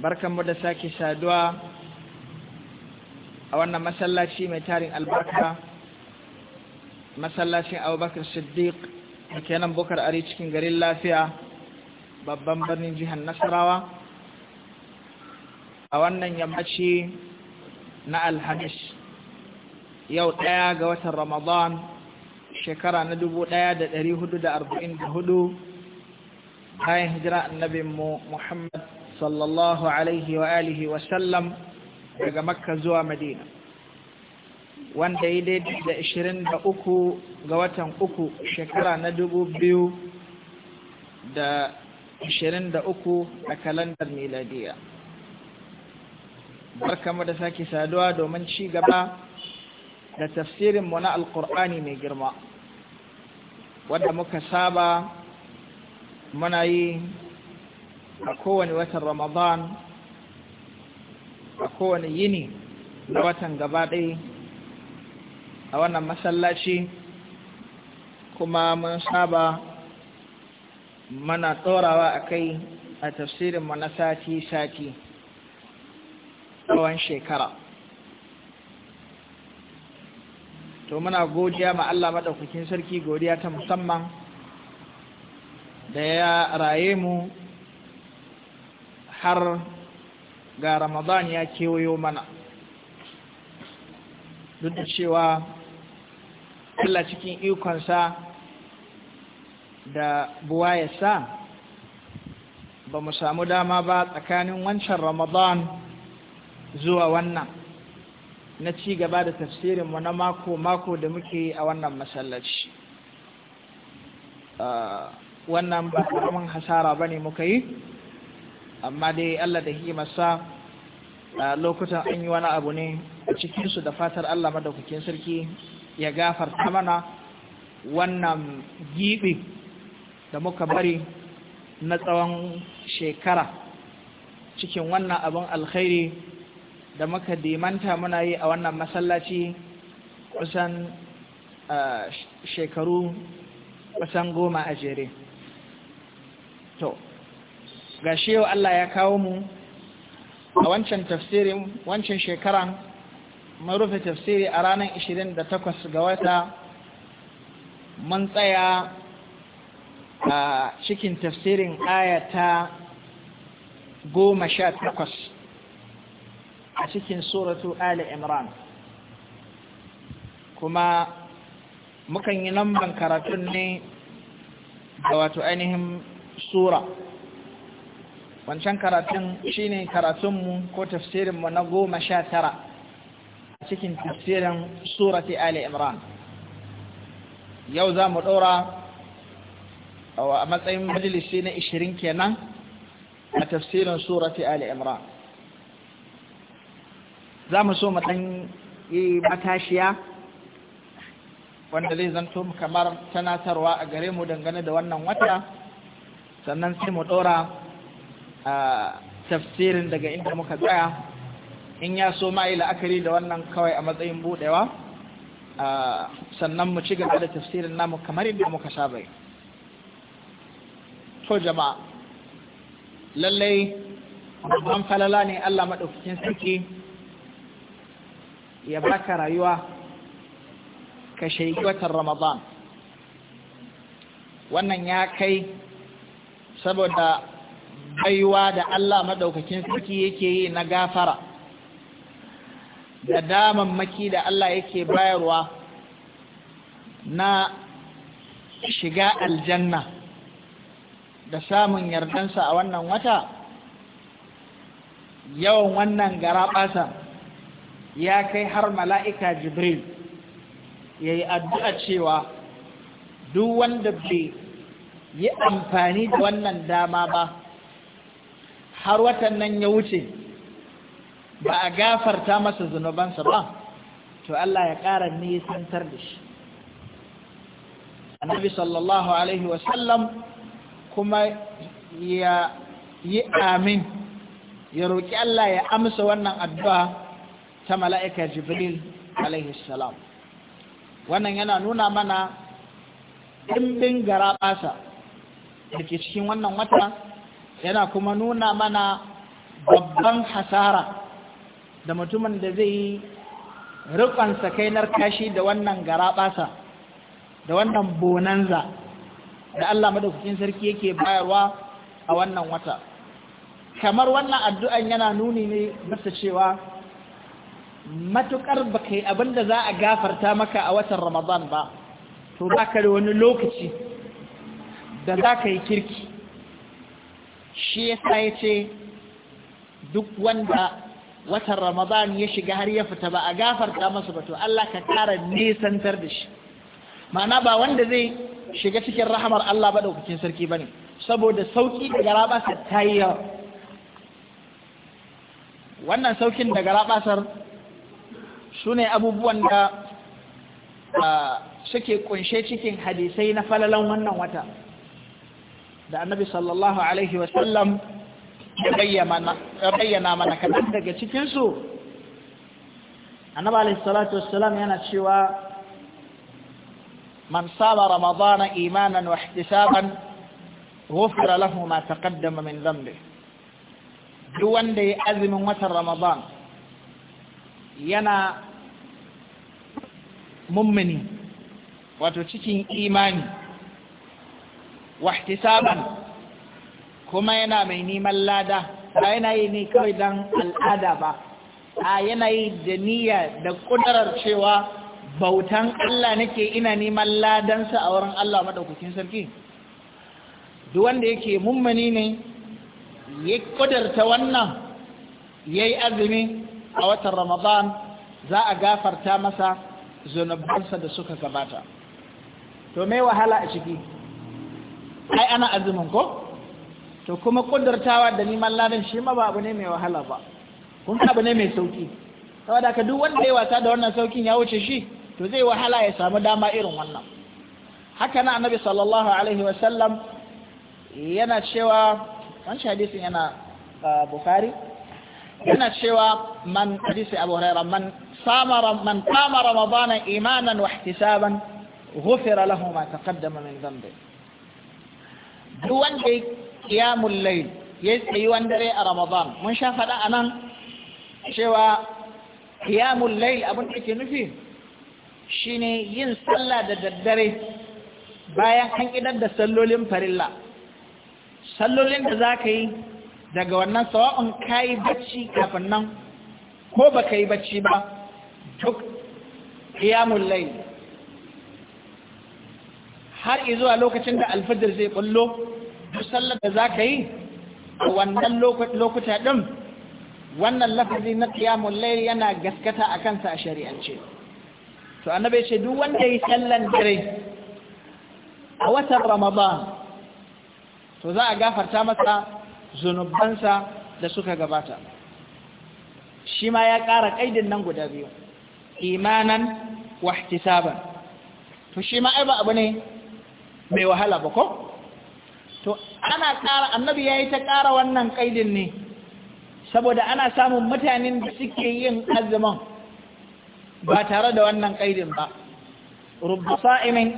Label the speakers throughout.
Speaker 1: mu da sake saduwa a wannan masallaci mai tarin albarka masallacin abubakar siddiq da kenan bukar ari cikin garin lafiya babban birnin jihar nasarawa a wannan yammaci na alhamis yau ɗaya ga watan ramadan shekara na dubu ɗaya da ɗari hudu arba'in hudu bayan hijira annabinmu muhammad sallallahu alaihi wa alihi wa sallam daga makka zuwa madina wanda ya daidai da uku ga watan uku shekara na uku a kalandar miladiya barkamu da sake saduwa domin ci gaba da tafsirinmu na alkur'ani mai girma wanda muka saba muna yi a kowane watan ramadan a kowane yini na watan gaba ɗaya a wannan masallaci kuma mun saba mana tsorawa a kai a tafsirin na sati-sati tsawon shekara to muna godiya ma Allah maɗaukakin sarki godiya ta musamman da ya raye mu har ga ramadan ya kewayo mana duk da cewa kula cikin ikonsa da buwa buwayarsa ba mu samu dama ba tsakanin wancan ramadan zuwa wannan na ci gaba da tafsirinmu na mako-mako da muke a wannan masallaci ah, wannan ba karamin hasara ba ne muka yi amma dai Allah da hikimarsa lokutan an yi wani abu ne a cikinsu da fatar Allah madaukakin sarki ya gafarta mana wannan giɓi da muka bari na tsawon shekara cikin wannan abin alkhairi da muka dimanta muna yi a wannan masallaci kusan shekaru kusan goma a jere to ga shi yau Allah ya kawo mu a wancan tafsirin wancan shekaran marufe tafsiri a ranar 28 ga wata mun tsaya a cikin tafsirin ayata goma sha takwas a cikin suratu Ali Imran kuma mukan yi lamban karatun ne da wato ainihin sura wancan karatun shine karatunmu ko tafsirinmu na goma sha tara cikin tafsirin surati ali imran yau za mu ɗora a matsayin majalisi na ishirin kenan a tafsirin surati ali imran za mu so mu ɗan yi matashiya wanda zai zanto kamar tanatarwa a gare mu dangane da wannan wata sannan sai mu ɗora tafsirin daga inda muka tsaya in ya so ma yi la'akari da wannan kawai a matsayin budewa sannan mu ci gaba da tafsirin namu kamar inda muka sha bai to jama'a lallai babban falala ne Allah maɗaukacin sarki ya baka rayuwa ka shaiki watan ramadan wannan ya kai saboda baiwa da Allah maɗaukakin sarki yake yi na gafara da damammaki da Allah yake bayarwa na shiga aljanna da samun yardansa a wannan wata yawan wannan garaɓasa ya kai har mala'ika jibril ya yi addu'a cewa duk wanda bai yi amfani da wannan dama ba har watan nan ya wuce ba a gafarta masa zunubansa ba to Allah ya ƙara nisantar da shi annabi sallallahu alaihi wasallam kuma ya yi amin ya roƙi Allah ya amsa wannan addu'a ta mala'ika jibril alaihi salam wannan yana nuna mana ɗimbin garaɓasa da ke cikin wannan wata yana kuma nuna mana babban hasara da mutumin da zai yi rikon kainar kashi da wannan garaɓasa da wannan bonanza da Allah madaukakin sarki yake bayarwa a wannan wata kamar wannan addu'an yana nuni ne masa cewa matukar ba kai abinda za a gafarta maka a watan ramadan ba to ba ka da wani lokaci da za ka yi kirki shi yasa ya ce duk wanda watan ramadan ya shiga har ya fita ba a gafarta masa ba to Allah ka kara nisantar da shi ma'ana ba wanda zai shiga cikin rahamar Allah ba daukakin sarki ba ne saboda sauki daga rabasar ta yi yawa wannan saukin daga rabasar su ne abubuwan da ah, suke kunshe cikin hadisai na falalan wannan wata النبي صلى الله عليه وسلم يبين ما نكتب لك تكنسو النبي عليه الصلاة والسلام ينشيوا من صام رمضان إيمانا واحتسابا غفر له ما تقدم من ذنبه دوان دي أذن متر رمضان ينا ممني وتتكين إيماني wahtisaban kuma yana mai neman lada ba yana yi ne kawai don al'ada ba a yanayi da niyya da kudarar cewa bautan Allah nake ina neman ladansa a wurin Allah maɗaukakin sarki duk wanda yake mummani ne ya kudarta wannan ya yi azumi a watan ramadan za a gafarta masa zunubansa da suka gabata to mai wahala a ciki ai ana azumin ko to kuma ƙudurtawa da neman ladan shi ma ba abu ne mai wahala ba kun abu ne mai sauki saboda ka duk wanda ya wasa da wannan saukin ya wuce shi to zai wahala ya samu dama irin wannan haka na annabi sallallahu alaihi wa sallam yana cewa wancan hadisin yana bukhari yana cewa man hadisi abu huraira man samara man qama ramadana imanan wa ihtisaban ghufira lahu ma taqaddama min dhanbihi duk wanda ya kiyamun lail ya tsayi dare a ramadan mun sha faɗa a nan cewa kiyamun layl abin da ke nufi Shi ne yin sallah da daddare bayan an idar da sallolin farilla sallolin da za ka yi daga wannan sawa'un ka yi bacci kafin nan ko ba ka yi bacci ba duk kiyamun lai har zuwa lokacin da alfajir zai kullo duk sallar da za ka yi a wannan lokuta ɗin wannan lafazi na qiyamul layl yana gaskata a kansa a shari'ance to annabi ce duk wanda yi sallan dare a watan ramadan to za a gafarta masa zunubansa da suka gabata shi ma ya ƙara kaidin nan guda biyu imanan wahtisaban to shi ma ai ba abu ne mai wahala ba ko to ana ƙara annabi ya yi ta ƙara wannan ƙaidin ne saboda ana samun mutanen da suke yin azumin ba tare da wannan ƙaidin ba rubba sa'imin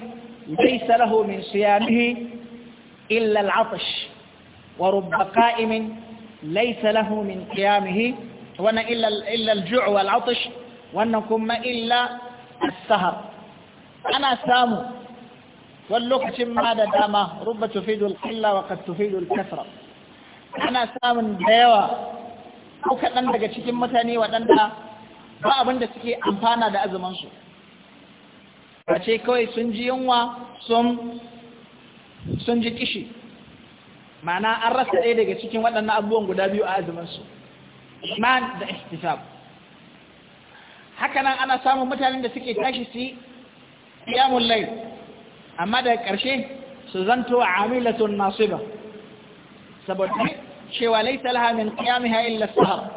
Speaker 1: laysa lahu min siyamihi illa al wa rubba qa'imin laysa lahu min qiyamihi wa illa illa al-ju' wal-'atash wa kuma illa as-sahar ana samu wani lokacin ma da dama rubba tufidul qilla wa qad tufidul kasra ana samun da yawa ko kaɗan daga cikin mutane waɗanda ba abin da suke amfana da azumansu a ce kawai sun ji yunwa sun ji kishi mana an rasa ɗaya daga cikin waɗannan abubuwan guda biyu a azumansu iman da ihtisab hakanan ana samun mutanen da suke tashi su yi yamun lai amma daga ƙarshe su zanto amilatun ba saboda cewa laisa laha min ha illa sahar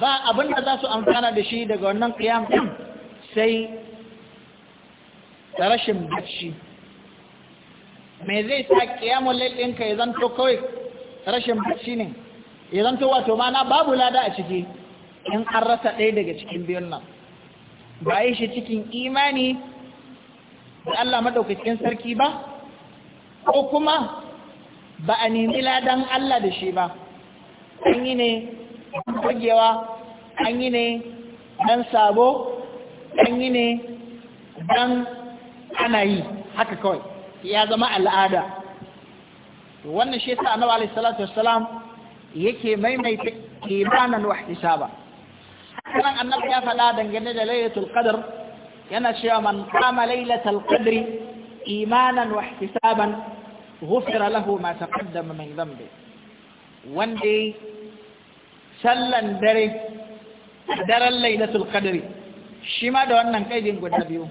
Speaker 1: ba abinda za su amfana da shi daga wannan qiyam sai da rashin bacci me zai sa qiyamul laifin ka ka zanto kawai rashin bacci ne ya zanto wato mana babu lada a ciki in an rasa ɗaya daga cikin biyun nan ba yi shi cikin imani da Allah madaukakin sarki ba ko kuma ba a nemi ladan Allah da shi ba an yi ne burgewa an yi ne ɗan sabo an yi ne ɗan ana yi haka kawai ya zama al'ada wannan shi ta annabi alaihi salatu wassalam yake maimaita imanan wa ihtisaba hakan annabi ya fada dangane da lailatul qadr yana cewa man qama lailatal qadri imanan wa ihtisaban ghufira lahu ma taqaddama min dhanbi wanda sallan dare daren lailatul qadri shi ma da wannan kaidin guda biyu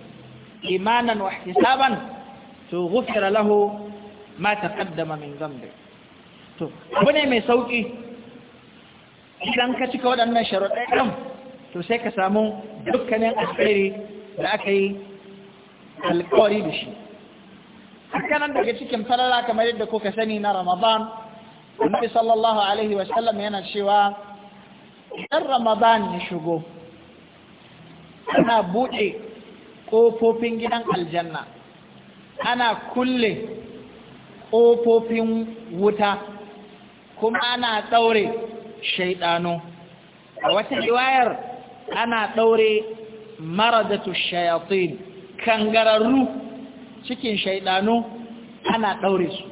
Speaker 1: imanan wa ihtisaban to ghufira lahu ma taqaddama min dhanbi to abu ne mai sauki idan ka cika waɗannan sharuɗai ɗin to sai ka samu dukkanin alheri da aka yi alkawari da shi hakanan daga cikin falala kamar yadda kuka sani na ramadan annabi sallallahu alaihi wasallam yana cewa idan ramadan ya shigo ana buɗe ƙofofin gidan aljanna ana kulle ƙofofin wuta kuma ana ɗaure shaiɗano a wata riwayar ana ɗaure maradatu shayatin kangararru cikin shaidanu ana daure su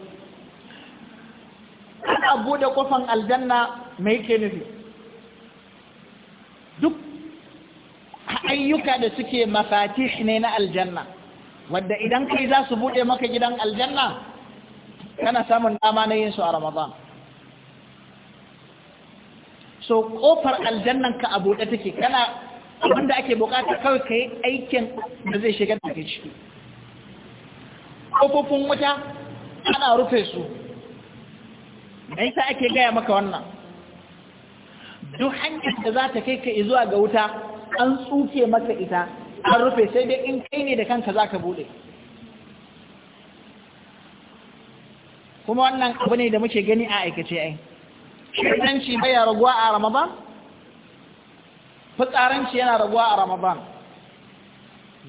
Speaker 1: ana bude kofan aljanna mai ke nufi duk ayyuka da suke mafatih ne na aljanna wadda idan kai za su bude maka gidan aljanna kana samun dama na yin su a ramadan so kofar aljannan ka a buɗe take kana abinda ake bukata kawai ka yi aikin da zai shigar da ke ciki kofofin wuta ana rufe su da yasa ake gaya maka wannan duk hanyar da za ta kai ka zuwa ga wuta an tsuke maka ita an rufe sai dai in kai ne da kanka za ka buɗe kuma wannan abu ne da muke gani a aikace ai shaidanci bai raguwa a ramadan fitsaranci yana raguwa a ramadan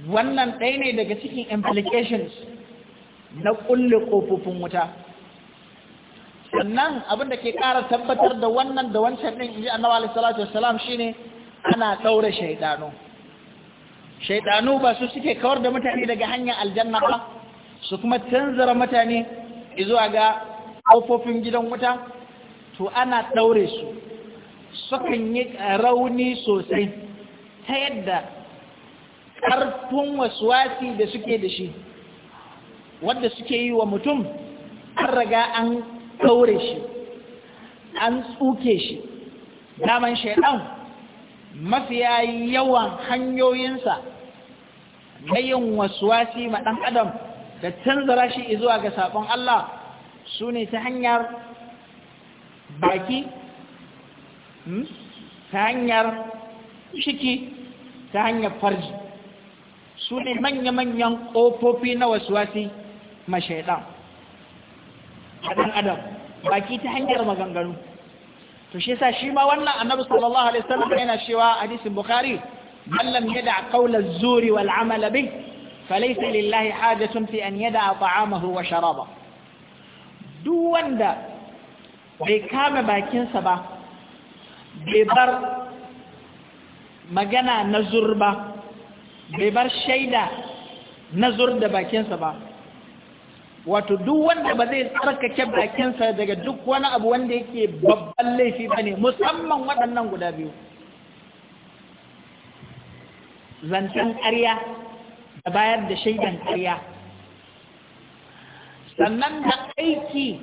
Speaker 1: wannan ɗaya ne daga cikin implications na ƙulle ƙofofin wuta sannan abinda ke ƙara tabbatar da wannan da wancan ɗin inji annawa alaihi salatu shi ne ana ɗaure shaidanu shaidanu ba su suke kawar da mutane daga hanyar aljanna ba su kuma tanzara mutane zuwa ga ƙofofin gidan wuta to ana ɗaure su sukan yi rauni sosai ta yadda ƙarfin wasi da suke da shi wadda suke yi wa mutum an raga an kaure shi an tsuke shi daman shaidan mafiya yawan hanyoyinsa na yin wasi ma ɗan adam da canzara shi zuwa ga sabon Allah su ne ta hanyar baki Hmm? ta hanyar shiki ta hanyar farji su ne manya-manyan ƙofofi na wasuwasi mashaiɗan a ɗan adam baki ta hanyar maganganu to shi sa shi ma wannan annabi sallallahu alaihi wasallam yana cewa hadisin bukhari man ya da qawla az-zuri wal amala bi falaysa lillahi hajatun fi an yada ta'amahu wa sharaba duk wanda bai kame bakinsa ba bai bar magana na zur ba bai bar shaida na zur da bakinsa ba wato duk wanda ba zai tsarkake bakinsa daga duk wani abu wanda yake babban laifi ba ne musamman waɗannan guda biyu zancen ƙarya da bayar da shaidan ƙarya sannan da aiki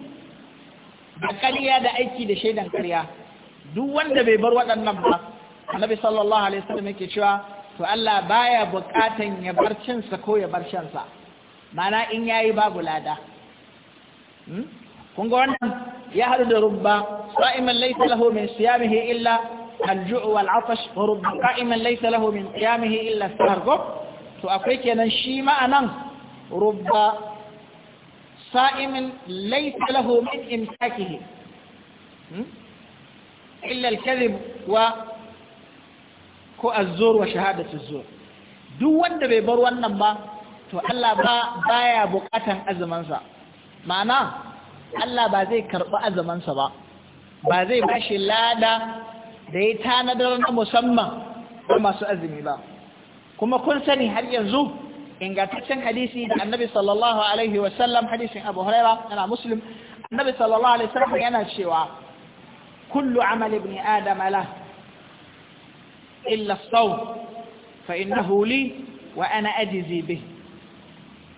Speaker 1: da ƙarya da aiki da shaidan ƙarya duk wanda bai bar waɗannan ba annabi sallallahu alaihi wasallam yake cewa to Allah baya buƙatan ya bar sa ko ya bar sa mana in yayi babu lada hmm? kun ga wannan ya haɗu da rubba sa'iman laysa lahu min siyamihi illa wal الجوع والعطش ورب قائما ليس له من قيامه إلا السهر to akwai kenan shi ma'anan rubba sa'imin laisa lahu min imsakihi hmm? illal kadhib wa ko azzur wa shahadatu zur duk wanda bai bar wannan ba to Allah ba baya bukatan azumansa ma'ana Allah ba zai karɓi azumansa ba ba zai bashi lada da ya tanadar na musamman ga masu azumi ba kuma kun sani har yanzu ingantaccen hadisi da annabi sallallahu alaihi wa sallam hadisin abu huraira yana muslim annabi sallallahu alaihi wa sallam yana cewa كل عمل ابن آدم له إلا الصوم فإنه لي وأنا أجزي به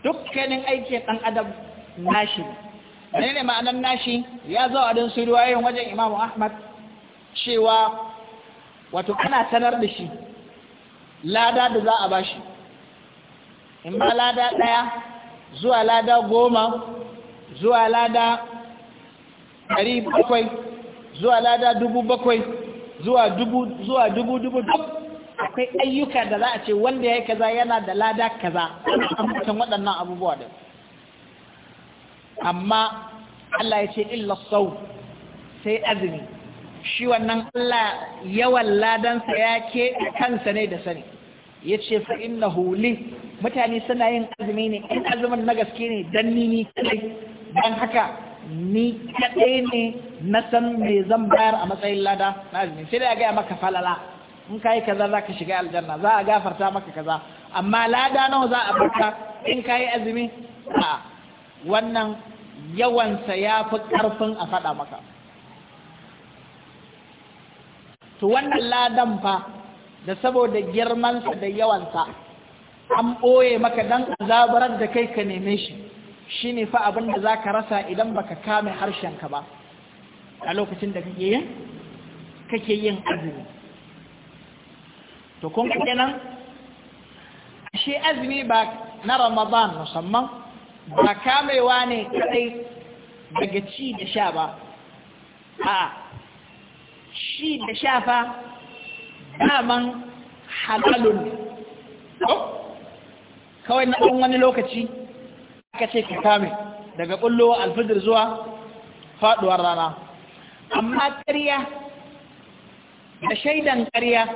Speaker 1: dukkanin aiki ɗan adam nashi ne ne ma'anar nashi ya zo a don su ruwayoyin wajen imamu ahmad cewa wato ana sanar da shi lada da za a bashi in ba lada ɗaya zuwa lada goma zuwa lada ɗari bakwai zuwa lada dubu bakwai zuwa dubu dubu dubu akwai ayyuka da za a ce wanda ya yi kaza yana da lada kaza a mutum waɗannan abubuwa da amma Allah ya ce illa sau sai azumi shi wannan Allah yawan ladansa ya ke kansa ne da sani ya ce fa inna huli mutane suna yin azumi ne in azumin na gaske ne don nini kai don haka ni kaɗai ne na san me zan bayar a matsayin lada na azumi sai da a gaya maka falala in ka yi kaza za ka shiga aljanna za a gafarta maka kaza amma lada nawa za a baka in ka yi azumi a wannan yawansa ya fi ƙarfin a faɗa maka to wannan ladan fa da saboda girmansa da yawansa an ɓoye maka don azabarar da kai ka neme shi ne fa abin da zaka rasa idan baka kame harshenka ba a lokacin da kake yin kake yin azumi to kun kenan shi azumi ba na Ramadan musamman ba kamewa ne kadai daga ci da sha ba a shi da sha fa daman halalun kawai na ɗan wani lokaci aka ce ka kame daga bullowa alfijir zuwa faɗuwar rana amma ƙarya da shaidan ƙarya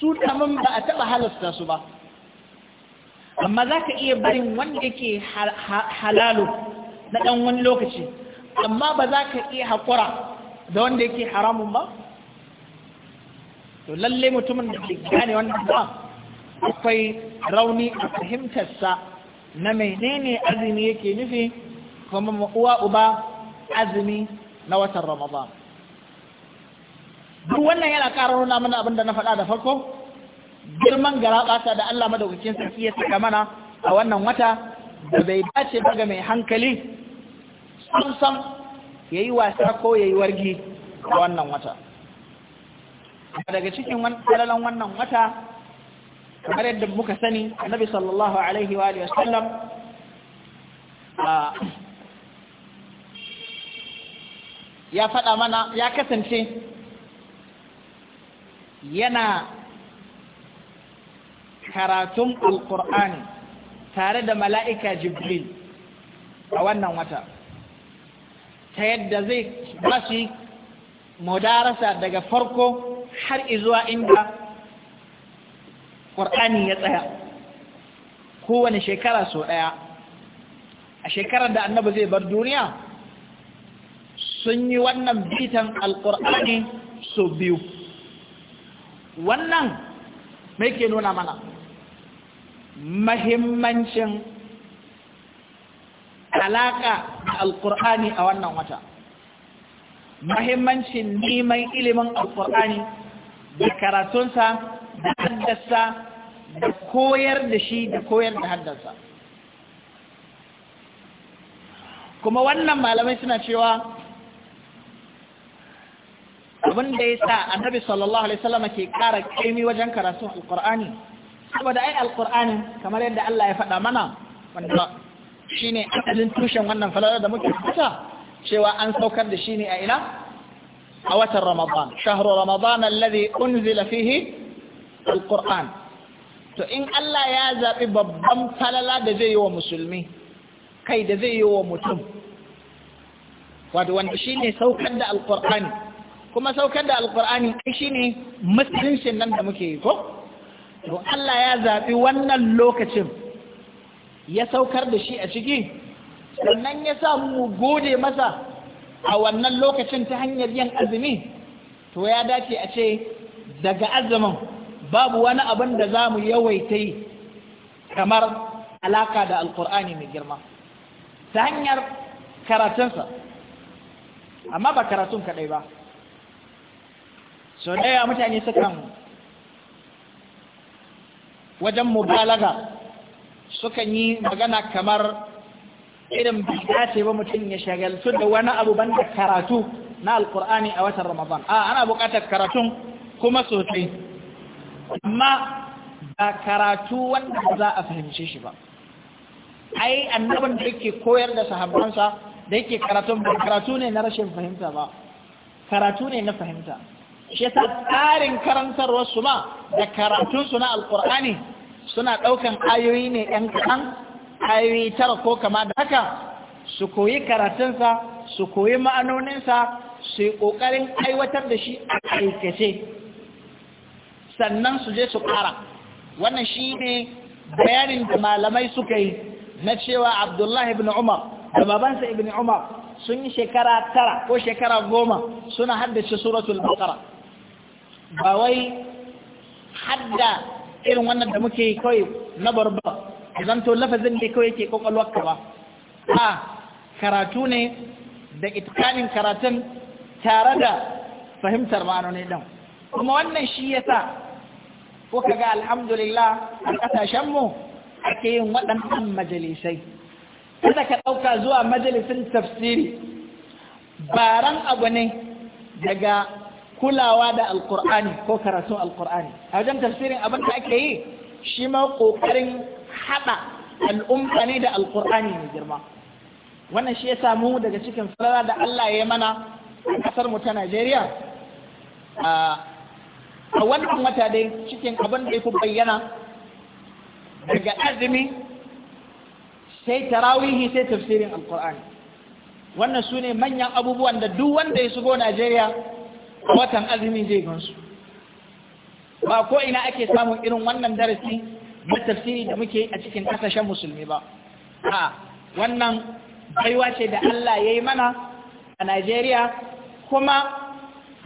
Speaker 1: su tamin ba a taɓa halasta su ba amma za ka iya barin wanda yake halalu na ɗan wani lokaci amma ba za ka iya haƙura da wanda yake haramun ba to lalle mutumin da ke gane wannan ba akwai rauni a fahimtarsa na menene azumi yake nufi kuma uwa uba azumi na watan ramadan duk wannan yana ƙara nuna mana abin da na faɗa da farko girman garaɓata da Allah madaukakin sarki ya saka mana a wannan wata da bai dace daga mai hankali san ya yi wasa ko ya yi wargi a wannan wata daga cikin wannan wannan wata kamar yadda muka sani annabi sallallahu alaihi wa sallam ya fada mana ya kasance yana karatun alkur'ani tare da mala'ika jibril a wannan wata ta yadda zai bashi mudarasa daga farko har izuwa inda ƙwarɗani ya tsaya kowane shekara sau ɗaya a shekarar da annabi zai bar duniya sun yi wannan bitan alƙwarɗani sau biyu wannan mai ke nuna mana mahimmancin alaƙa da alƙur'ani a wannan wata mahimmancin neman ilimin alƙwarɗani da karatunsa da haddasa da koyar da shi da koyar da haddasa kuma wannan malamai suna cewa abin da ya sa annabi sallallahu alaihi wasallam ke ƙara kaimi wajen karasun alƙur'ani saboda ai alƙur'ani kamar yadda Allah ya faɗa mana wanda shine asalin tushen wannan falala da muke fita cewa an saukar da shi ne a ina a watan Ramadan shahru Ramadan alladhi unzila fihi alquran to in Allah ya zaɓi babban falala da zai yi wa musulmi kai da zai yi wa mutum wato wanda ne saukar da alqur'ani kuma saukar da alqur'ani kai ne musuluncin nan da muke yi ko to Allah ya zaɓi wannan lokacin ya saukar da shi a ciki sannan ya sa mu gode masa a wannan lokacin ta hanyar yin azumi to ya dace a ce daga azumin babu wani abin da za mu yawaita yi kamar alaka da alkur'ani mai girma ta hanyar karatunsa amma ba karatun kaɗai ba sau ɗaya mutane sukan wajen mubalaga sukan yi magana kamar irin bida ba mutum ya shagaltu da wani abu da karatu na alkur'ani a watan ramadan a ana buƙatar karatun kuma sosai amma ba karatu wanda ba za a fahimce shi ba ai annabin da yake koyar da sahabbansa da yake karatun ba karatu ne na rashin fahimta ba karatu ne na fahimta shi ta tsarin karantarwar su ma da karatun su na alkur'ani suna ɗaukan ayoyi ne yan kaɗan ayoyi tara ko kama da haka su koyi karatunsa su koyi ma'anoninsa su yi ƙoƙarin aiwatar da shi a aikace sannan su je su ƙara wannan shi ne bayanin da malamai suka yi na cewa abdullahi ibn umar da babansa ibn umar sun yi shekara tara ko shekara goma suna haddace suratul bakara ba wai hadda irin wannan da muke kawai na barba zanto lafazin da kawai ke kwakwalwarka ba a karatu ne da itkanin karatun tare da fahimtar ma'anoni ɗin kuma wannan shi yasa ko ka ga alhamdulillah a ƙasashenmu ake yin waɗannan majalisai kada ka ɗauka zuwa majalisin tafsiri baran abu ne daga kulawa da alkur'ani ko karatun alkur'ani a wajen tafsirin abin da ake yi shi ma ƙoƙarin haɗa al'umma ne da alkur'ani mai girma wannan shi ya samu daga cikin sarara da Allah ya mana a ƙasar mu ta Najeriya a wannan wata dai cikin abin da ku bayyana daga azumi sai tarawihi sai tafsirin alkur'ani wannan su ne manyan abubuwan da duk wanda ya shigo najeriya watan azumi zai gansu ba ko ina ake samun irin wannan darasi na tafsiri da muke a cikin kasashen musulmi ba a wannan baiwa ce da allah ya yi mana a najeriya kuma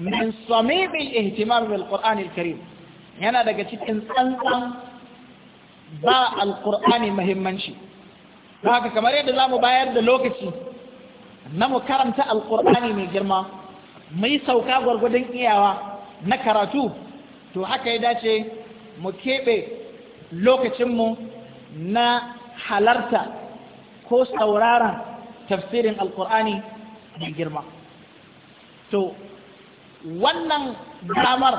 Speaker 1: min samibil ihtimam bil qur'anil karim yana daga cikin tsantsan ba alqur'ani muhimmanci haka kamar yadda zamu bayar da lokaci na mu karanta alqur'ani mai girma mai sauka gwargwadon iyawa na karatu to haka ya dace mu keɓe lokacinmu na halarta ko sauraron tafsirin alkur'ani mai girma to wannan damar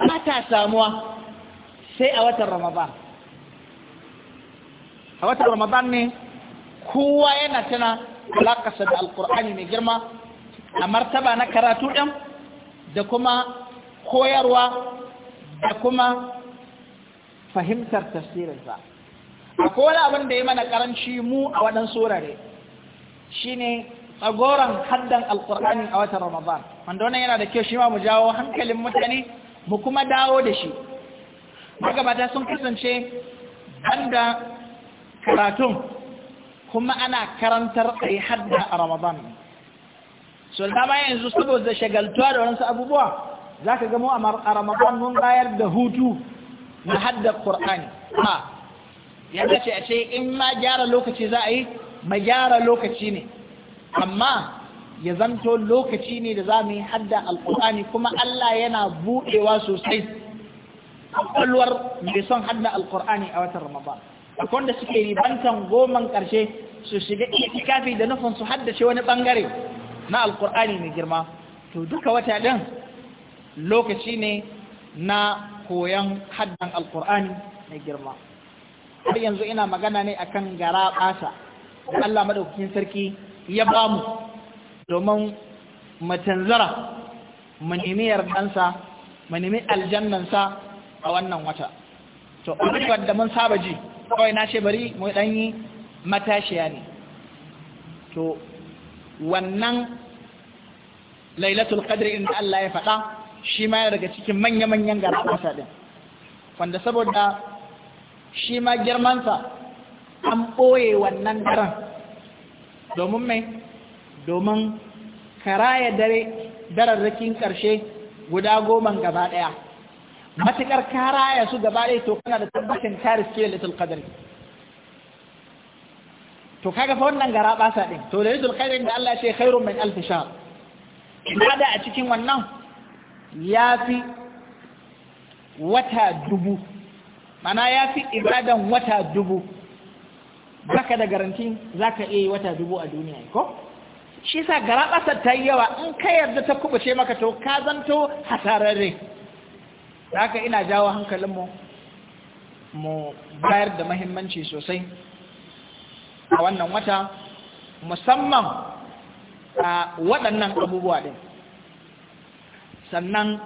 Speaker 1: ba ta samuwa sai a watan ramadan a watan ramadan ne kowa yana tana alaƙasa da Alkur'ani mai girma a martaba na karatu ɗin da kuma
Speaker 2: koyarwa da kuma
Speaker 1: fahimtar tasirinsa. akwai wani abin da ya mana ƙaranci mu a waɗansu wurare shine tsagoran haddan alkur'ani a watan ramadan wanda wannan yana da kyau shi ma mu jawo hankalin mutane mu kuma dawo da shi magabata sun kasance banda karatun kuma ana karantar a hadda a ramadan so dama yanzu saboda shagaltuwa da wadansu abubuwa za ka gamo a ramadan mun bayar da hutu na hadda ƙur'ani ha yadda ce a ce in ma gyara lokaci za a yi ma gyara lokaci ne amma ya zanto lokaci ne da za mu yi hadda alkur'ani kuma Allah yana buɗewa sosai kwakwalwar mai son hadda alkur'ani a watan ramadan akwai wanda suke ribantan goman ƙarshe su shiga itikafi da nufin su haddace wani ɓangare na alkur'ani mai girma to duka wata ɗin lokaci ne na koyon haddan alkur'ani mai girma har yanzu ina magana ne akan gara ɓasa da Allah madaukakin sarki ya ba mu domin matanzara mu nemi yardansa mu nemi aljannansa a wannan wata to abubuwan da mun saba ji kawai na ce bari mu ɗanyi matashiya ne to wannan lailatul qadri inda Allah ya faɗa shi ma yana daga cikin manya-manyan wasa din wanda saboda shi ma girmansa an ɓoye wannan daren domin mai domin karaya dare dararrakin ƙarshe guda goman gaba ɗaya matuƙar karaya su gaba ɗaya to kana da tabbacin taris ke little qadri to kaga fa wannan gara basa ɗin to da litul da Allah ce khairun min alf shahr ibada a cikin wannan yafi wata dubu mana yafi ibadan wata dubu baka da garantin zaka iya yi wata dubu a duniya ko shi sa gara ta yi yawa in ka yarda ta kubuce maka to ka zanto hasararre ka ina jawo hankalinmu mu bayar da mahimmanci sosai a wannan wata musamman a waɗannan abubuwa ɗin sannan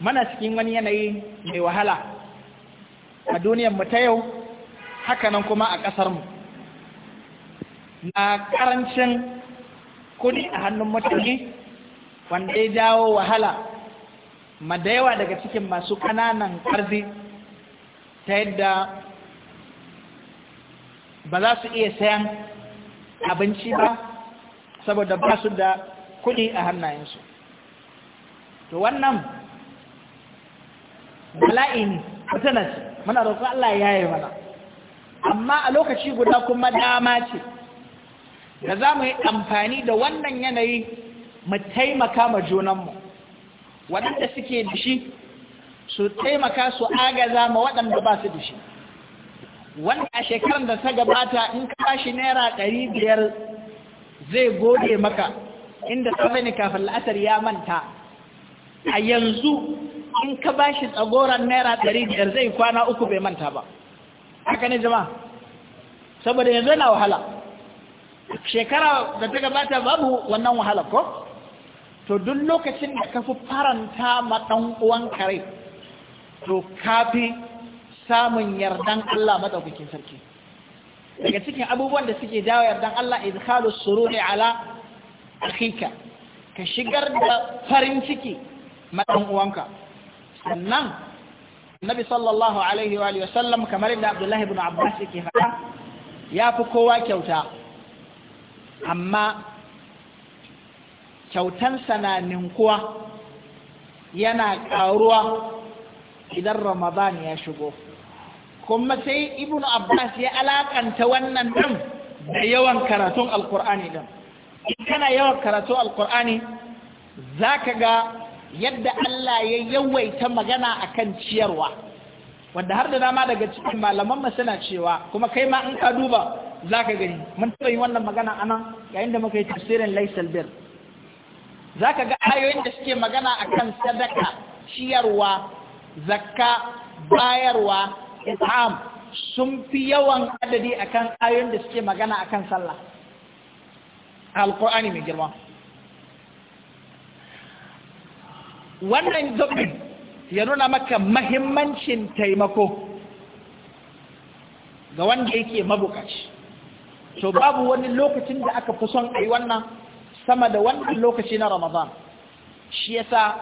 Speaker 1: mana cikin wani yanayi mai wahala a duniyar mu ta yau hakanan kuma a ƙasarmu na ƙarancin kuɗi a hannun mutane wanda ya jawo wahala ma da yawa daga cikin masu ƙananan ƙarfi ta yadda ba za su iya sayan abinci ba saboda ba su da kuɗi a hannayensu to wannan bala'in mutanen muna roƙon Allah ya yi mana amma a lokaci guda kuma dama ce da za mu yi amfani da wannan yanayi mu taimaka ma junanmu waɗanda suke da shi su taimaka su agaza ma waɗanda ba su da shi wanda a shekarar da ta gabata in ka bashi naira ɗari biyar zai gode maka inda ta zai kafin la'asar ya manta a yanzu in ka bashi tsagoran naira ɗari biyar zai kwana uku bai manta ba haka ne jama saboda yanzu yana wahala shekara da ta gabata babu wannan wahala ko to duk lokacin da ka fi faranta ma ɗan uwan kare to kafi samun yardan Allah madaukakin sarki daga cikin abubuwan da suke jawo yardan Allah idkhalu sururi ala akhika ka shigar da farin ciki ma ɗan uwanka sannan Nabi sallallahu alaihi wa sallam kamar yadda Abdullahi ibn Abbas yake faɗa ya fi kowa kyauta amma kyautansa na ninkuwa yana ƙaruwa idan Ramadan ya shigo kuma sai ibn Abbas ya alakanta wannan ɗin da yawan karatun alkur'ani ɗin kana yawan karatun alkur'ani za ka ga yadda Allah ya yawaita magana akan ciyarwa wanda har da dama daga cikin malaman mu suna cewa kuma kai ma in ka duba za ka gani mun taɓa yi wannan magana anan yayin da muka yi tafsirin laisal bir ka ga ayoyin da suke magana akan sadaka ciyarwa zakka bayarwa isham sun fi yawan adadi akan ayoyin da suke magana akan sallah alƙurani mai girma wannan gabin ya nuna maka mahimmancin taimako ga wanda yake mabukaci to babu wani lokacin da aka fi son ai wannan sama da wannan lokaci na ramadan shi yasa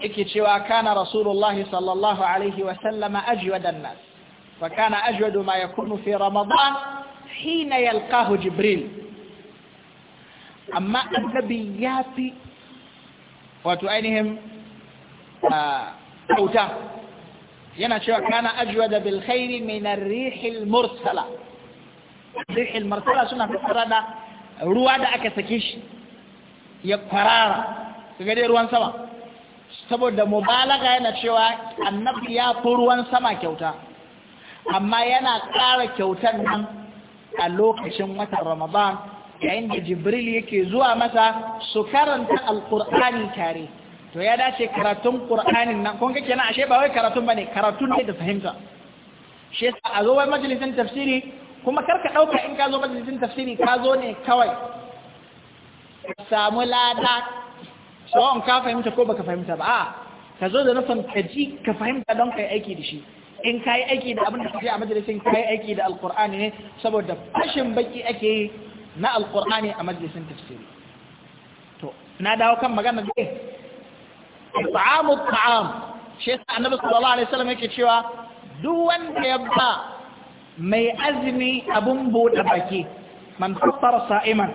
Speaker 1: yake cewa kana rasulullahi sallallahu alaihi wa sallama ajwada nas fa kana ajwadu ma yakunu fi ramadan hina yalqahu jibril amma annabi yafi wato ainihin kauta yana cewa kana ajwa da bilkhairi min rihil mursala rihil mursala suna fassara da ruwa da aka sake shi ya kwarara kaga dai ruwan sama saboda mubalaga yana cewa annabi ya fi ruwan sama kyauta amma yana ƙara kyautan nan a lokacin watan ramadan yayin da jibril yake zuwa masa su karanta alkur'ani tare to ya dace karatun Kur'anin nan kun kake nan ashe ba wai karatun bane karatun ne da fahimta shi yasa a zo wai majalisin tafsiri kuma karka dauka in ka zo majalisin tafsiri ka zo ne kawai ka samu lada so in ka fahimta ko baka fahimta ba a ka zo da nufin ka ji ka fahimta don ka yi aiki da shi in ka yi aiki da abin da ka a majalisin ka yi aiki da alkur'ani ne saboda fashin baki ake yi na alkur'ani a majalisin tafsiri to na dawo kan magana ne ta'amu ta'am shi yasa annabi sallallahu alaihi wasallam yake cewa duk wanda ya ba mai azumi abun bude baki man fassara sa'iman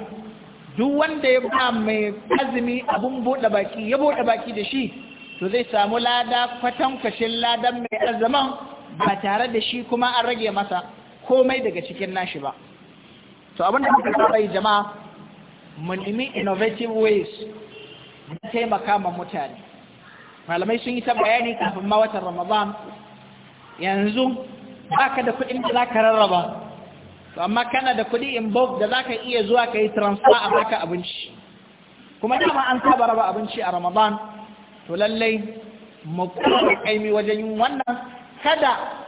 Speaker 1: duk wanda ya ba mai azumi abun bude baki ya bude baki da shi to zai samu lada kashin ladan mai azaman ba tare da shi kuma an rage masa komai daga cikin nashi ba to abin da muka saba yi jama'a mu nemi innovative ways na taimaka ma mutane malamai sun yi ta bayani kafin ma watan ramadan yanzu ka da kuɗin da ka rarraba to amma kana da kuɗi in bulk da ka iya zuwa ka yi transfer a baka abinci kuma dama an saba raba abinci a ramadan to lallai mu kuma kaimi wajen yin wannan kada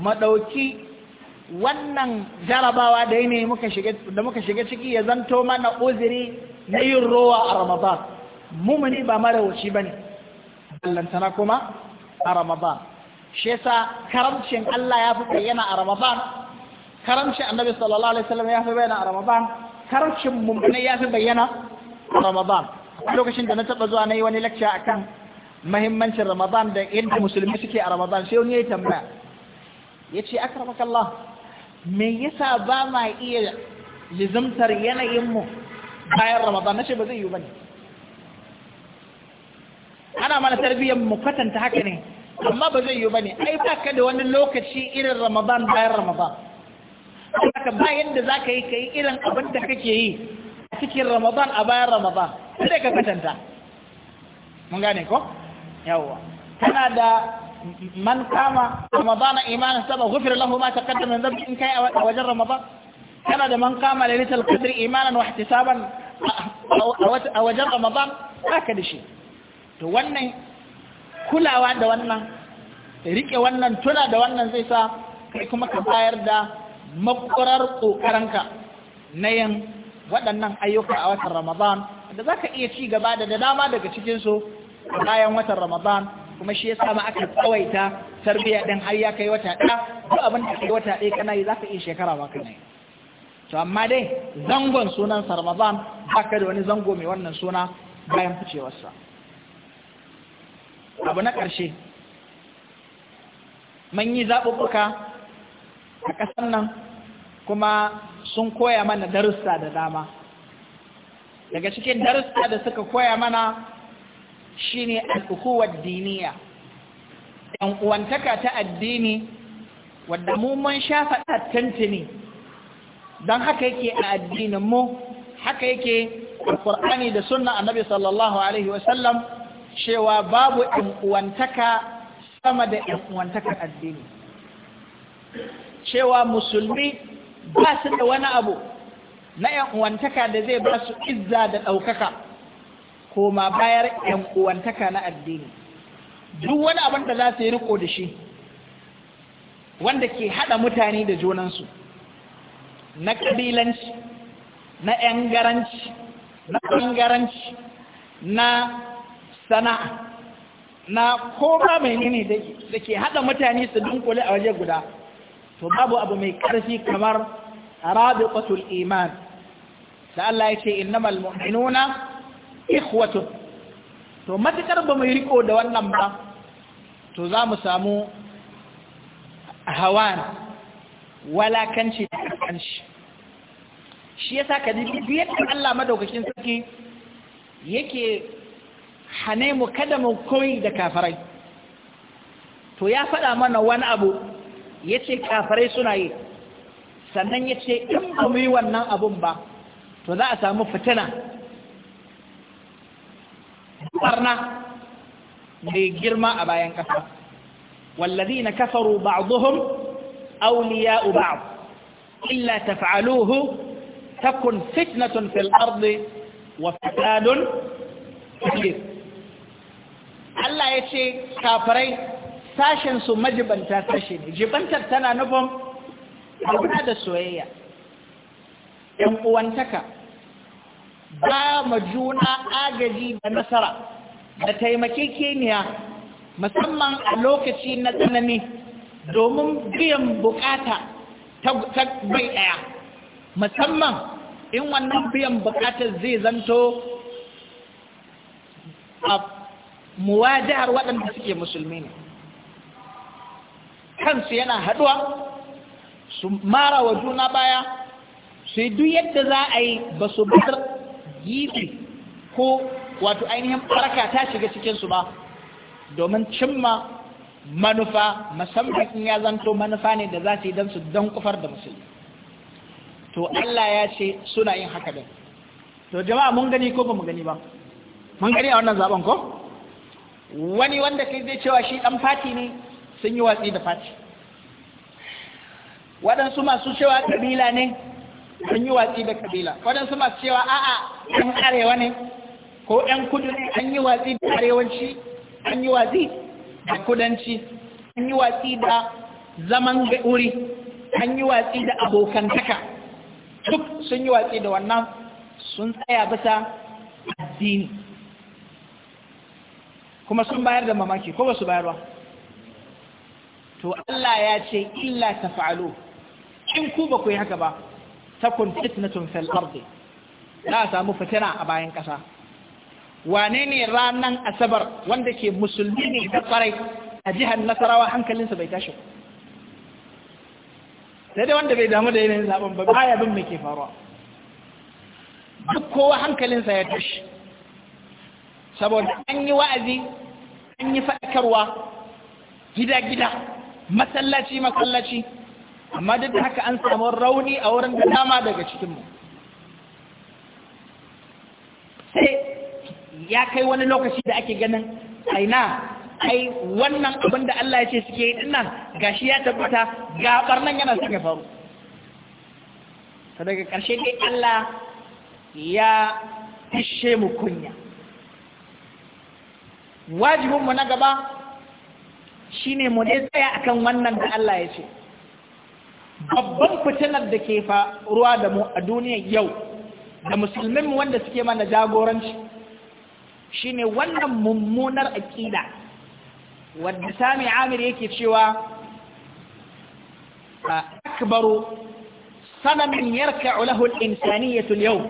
Speaker 1: madauki wannan jarabawa da ne da muka shiga ciki ya zanto mana uzuri na yin rowa a ramadan mumuni ba marauci ba ne ballantana kuma a ramadan shi yasa karamcin Allah ya fi bayyana a ramadan karamcin annabi sallallahu alaihi wasallam ya fi bayyana a ramadan karamcin mumuni ya fi bayyana a ramadan lokacin da na taba zuwa na yi wani lecture akan mahimmancin ramadan da yadda musulmi suke a ramadan sai wani ya yi tambaya ya ce akramakallah me yasa ba ma iya lizimtar yanayinmu bayan ramadan na ce ba zai yi ba ne ana mana tarbiyyar mu kwatanta haka ne amma ba zai yi ba ne ai ba ka da wani lokaci irin ramadan bayan ramadan haka bayan da za ka yi ka yi irin abin da kake yi a cikin ramadan a bayan ramadan sai ka kwatanta mun gane ko yawwa tana da man kama رمضان ايمانا سبا غفر lahu ما تقدم من dhanbi in kai a wajen Ramadan kana da man kama ايمانا واحتسابا imanan wa ihtisaban a wajen Ramadan da shi to wannan kulawa da wannan rike wannan tuna da wannan zai sa kai kuma ka bayar da makurar kokarinka na yin waɗannan ayyuka a watan Ramadan da zaka iya ci gaba da dama daga cikin su bayan watan Ramadan kuma shi ya ma aka tsawaita tarbiyya ɗin har ya kai wata ɗaya duk abin da kai wata ɗaya kana yi za ka iya shekara ba kana yi to amma dai zangon sunan sarmazan ba ka da wani zango mai wannan suna bayan ficewarsa. abu na ƙarshe mun yi zaɓuɓɓuka a ƙasar nan kuma sun koya mana darussa da dama daga cikin darussa da suka koya mana shine al-ukhuwat diniya dan uwantaka ta addini wanda mu mun shafa tantini dan haka yake a addinin mu haka yake alqur'ani da sunna annabi sallallahu alaihi wasallam cewa babu ɗan uwantaka sama da ɗan uwantakar addini cewa musulmi ba su da wani abu na ‘yan uwantaka da zai ba su izza da ɗaukaka koma bayar ‘yan uwantaka na addini duk wani abin da za su yi riko da shi wanda ke haɗa mutane da junansu na ƙabilanci na ‘yan garanci na ɓangaranci na sana'a na koma mai nini da ke haɗa mutane su dunkule a waje guda to babu abu mai ƙarfi kamar rabi ƙwatul iman da Allah ya ce innamal mu'minuna ikhwatun to matukar ba mai riko da wannan ba to za mu samu hawan walakanci da kanci shi yasa ka ji biyar Allah madaukakin sarki yake hane mu kada mu koyi da kafarai to ya faɗa mana wani abu ya ce kafarai suna yi sannan ya ce in ba mu yi wannan abun ba to za a samu fitina barna mai girma a bayan ƙasa wallazi na kafaru ba'duhum auliya ba'd illa taf'aluhu takun fitnatun fil wa fasadun kabir Allah ya ce kafirai sashen su majibanta sashe ne jibantar tana nufin abuda da soyayya ‘yan uwantaka’ ba ma juna agaji da nasara da taimake keniya musamman a lokaci na tsanani domin biyan bukata ta bai ɗaya musamman in wannan biyan bukatar zai zanto a waɗanda suke musulmi ne kansu yana haɗuwa su mara wa juna baya su yi duk yadda za a yi ba su bar gibi ko wato ainihin baraka ta shiga cikinsu ba domin cimma manufa musamman in ya zanto manufa ne da za su yi don su don kufar da musulmi to Allah ya ce suna yin haka da to jama'a mun gani ko ba mu gani ba mun gani a wannan zaben ko wani wanda kai zai cewa shi dan fati ne sun yi watsi da fati waɗansu masu cewa kabila ne an yi watsi da kabila waɗansu masu cewa a'a ɗan arewa ne ko ɗan kudu ne an yi watsi da arewanci an yi watsi da kudanci an yi watsi da zaman wuri an yi watsi da abokantaka duk sun yi watsi da wannan sun tsaya bisa addini kuma sun bayar da mamaki ko ba su bayar ba to Allah ya ce illa ta fa'alu in ku ba ku yi haka ba takun fitnatun fil ardi za a samu fitina a bayan kasa wane ne ranan asabar wanda ke musulmi ne da kwarai a jihar nasarawa hankalinsa bai tashi sai dai wanda bai damu da yanayin zaben ba baya bin mai ke faruwa duk kowa hankalinsa ya tashi saboda an yi wa'azi an yi faɗakarwa gida-gida masallaci-masallaci amma duk da haka an samu rauni a wurin da dama daga cikinmu sai ya kai wani lokaci da ake ganin aina ai wannan abin da Allah ya ce suke yi dinnan gashi ya tabbata gabar nan yana suka faru daga ƙarshe dai Allah ya tashe mu kunya wajibinmu na gaba shine mu dai tsaya akan wannan da Allah ya ce babban fitinar da ke ruwa da mu a duniya yau da musulmin wanda suke mana jagoranci shine wannan mummunar aƙida Wanda sami amir yake cewa akbaru sanamin yarka'u lahu al-insaniyatu al-yawm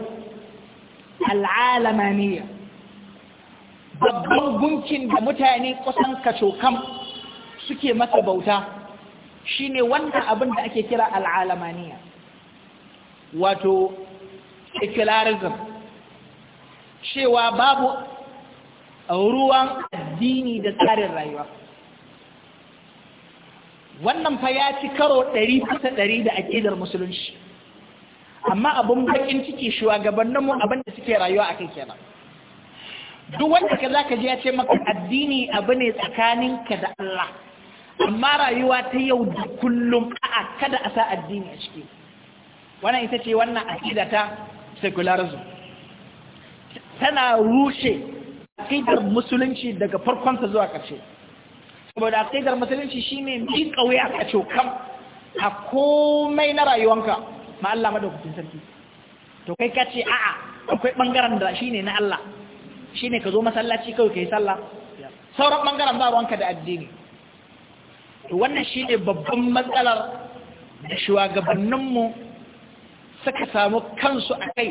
Speaker 1: al-alamaniya babban gunkin da mutane kusan kacokam suke masa bauta shine wannan abin da ake kira al'alamaniya wato secularism cewa babu ruwan addini da tsarin rayuwa wannan fa ya ci karo ɗari ɗari da aƙidar musulunci amma abin bakin ciki shugabanninmu abin da suke rayuwa a kan kenan duk wanda ka za ka ji ya ce maka addini abu ne tsakaninka da Allah amma rayuwa ta yau da kullum a'a kada a sa addini a ciki wannan ita ce wannan aqida ta secularism tana rushe aqidar musulunci daga farkon ta zuwa ƙarshe saboda aqidar musulunci shine kauye a ka kam a komai na rayuwanka ma Allah madaukakin sarki to kai ka ce a'a akwai bangaren da shine na Allah shine ka zo masallaci kawai kai sallah sauran bangaren ba ruwanka da addini to wannan ne babban matsalar da shugabanninmu suka samu kansu a kai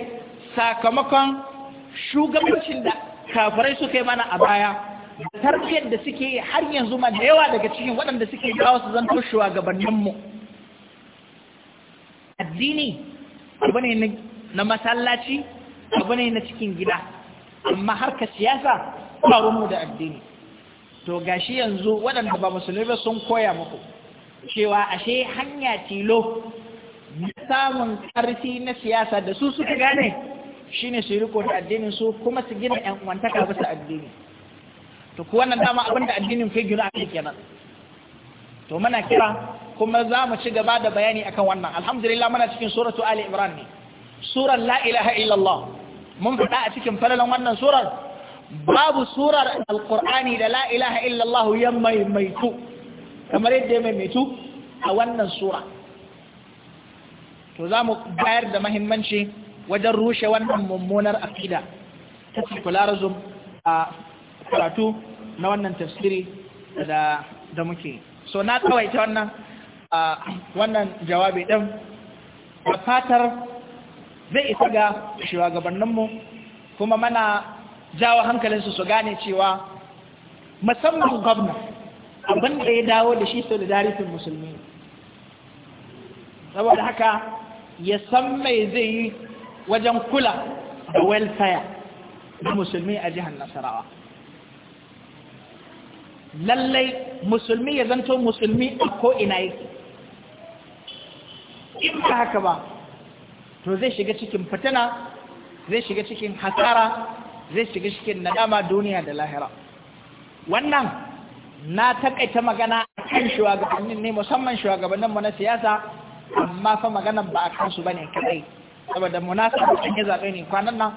Speaker 1: sakamakon shugabancin da kafirai suka yi mana a baya tarfiyar da suke har yanzu ma da yawa daga cikin waɗanda suke kawo su zanto shugabanninmu addini abu ne na masallaci abu ne na cikin gida amma harka siyasa farumu da addini to gashi yanzu waɗanda ba musulmi ba sun koya muku cewa ashe hanya tilo na samun ƙarfi na siyasa da su suka gane shine su riko da addinin su kuma su gina ƴan uwantaka bisa addini to ku wannan dama abin addinin kai gina ake kenan to muna kira kuma za mu ci gaba da bayani akan wannan alhamdulillah muna cikin suratu ali imran ne surar la ilaha illallah mun faɗa a cikin falalan wannan surar babu surar alkur'ani da la ilaha illallah ya maimaitu kamar yadda ya maimaitu a wannan sura to za mu bayar da mahimmanci wajen rushe wannan mummunar akida ta secularism a karatu na wannan tafsiri da muke so na tsawaita wannan wannan jawabi ɗin, a fatar zai isa ga shugabanninmu kuma mana jawo hankalinsu su gane cewa musamman gwamna abin da ya dawo da shi solidarity musulmi saboda haka ya san mai zai yi wajen kula da welfare da musulmi a jihar nasarawa lallai musulmi ya zanto musulmi a ko'ina yake in ba haka ba to zai shiga cikin fitina zai shiga cikin hasara zai shiga cikin nadama duniya da lahira wannan na takaita magana a kan shugabannin ne musamman shugabanninmu na siyasa amma fa maganar ba a kansu bane kadai saboda munasabar an yi zaɓe ne kwanan nan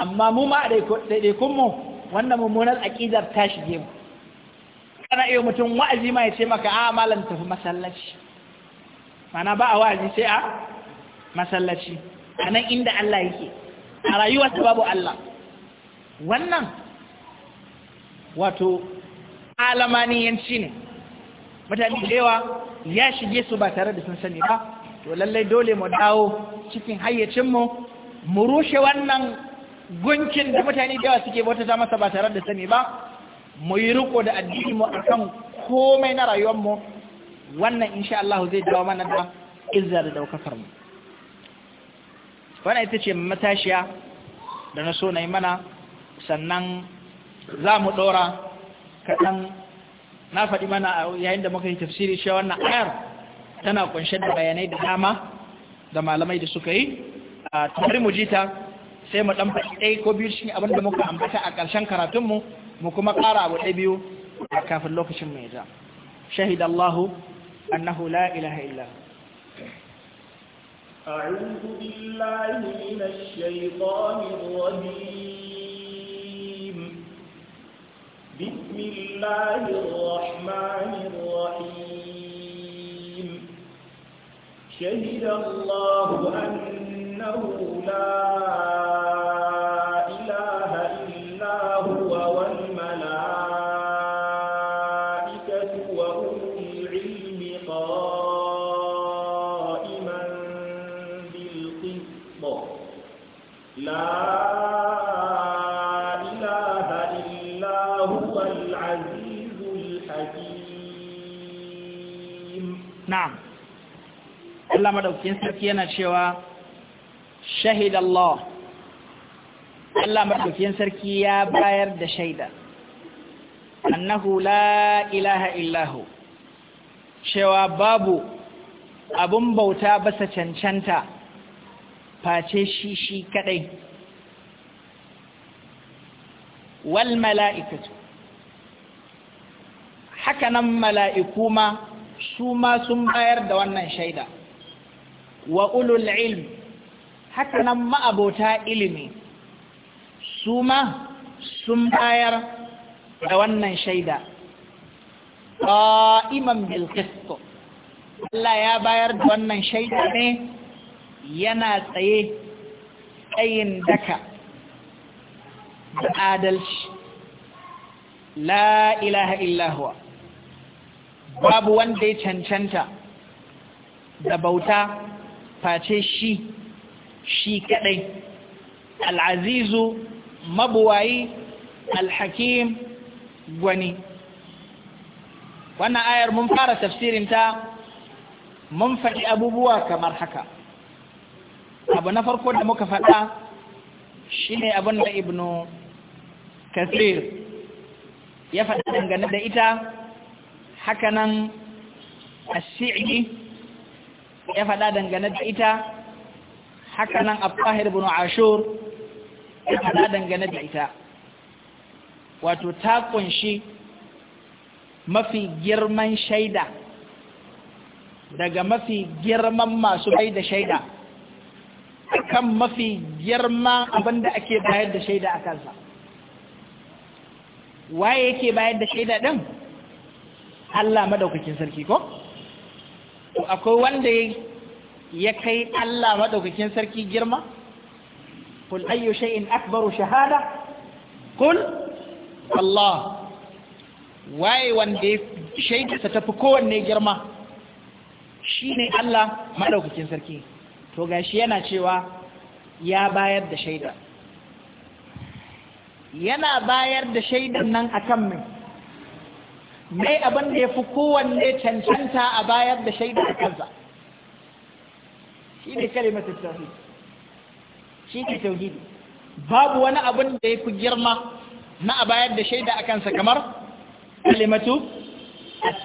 Speaker 1: amma mu ma a ɗaiɗaikunmu wannan mummunar aƙidar ta shige mu kana iya mutum wa'azi ma ya ce maka a ah, malam tafi masallaci mana ba a wa'azi sai a masallaci a nan inda Allah yake a rayuwarsa babu Allah wannan wato alamaniyanci ne mutane da yawa ya shige su ba tare da sun sani ba to lallai dole mu dawo cikin hayyacinmu mu rushe wannan gunkin da mutane da yawa suke bauta masa ba tare da sani ba mu yi riko da mu a kan komai na rayuwarmu wannan insha Allah zai dawo mana da izza da mu. wannan ita ce matashiya da na so na yi mana sannan za mu ɗora kaɗan na faɗi mana yayin da muka yi tafsiri shi wannan ayar tana kunshe da bayanai da dama da malamai da suka yi a tare mu jita sai mu ɗan faɗi ɗaya ko biyu shi abin da muka ambata a ƙarshen karatunmu mu kuma ƙara abu ɗaya biyu kafin lokacin mai shahidallahu annahu la ilaha illa. أعوذ بالله من الشيطان الرجيم الله الرحمن الرحيم شهد الله أنه لا Allah madaukakin sarki yana cewa shahid Allah Allah madaukakin sarki ya bayar da shaida annahu la ilaha illahu cewa babu abun bauta basa cancanta face shi shi kadai wal mala'ikatu hakanan mala'iku ma su ma sun bayar da wannan shaida wa ulul ilm haka nan ma'abota ilimi Suma sun bayar da wannan shaida qa'iman bil qist Allah ya bayar da wannan shaida ne yana tsaye tsayin daka da adalci la ilaha illa babu wanda ya cancanta da bauta face shi shi kadai al'azizu mabuwayi alhakim gwani wannan ayar mun fara tafsirinta mun faɗi abubuwa kamar haka abu na farko da muka faɗa shi ne abin da ibnu kasir ya faɗi dangane da ita hakanan ashi'i ya faɗa dangane da ita haka nan fahir bin ashur ya faɗa dangane da ita wato ta kunshi mafi girman shaida daga mafi girman masu bai da shaida kan mafi girman abinda ake bayar da shaida a kansa waye yake bayar da shaida ɗin Allah madaukakin sarki ko? to akwai wanda ya kai Allah madaukakin sarki girma kul ayyu shay'in akbaru shahada kul Allah waye wanda ya ta tafi kowanne girma shi ne Allah maɗaukakin sarki to gashi yana cewa ya bayar da shaida yana bayar da shaidan nan akan mai mai abin da ya fi kowanne cancanta a bayar da shaida a kansa shi ne kalimatar tauhid shi ne tauhidi babu wani abin da ya fi girma na a bayar da shaida a kansa kamar kalimatu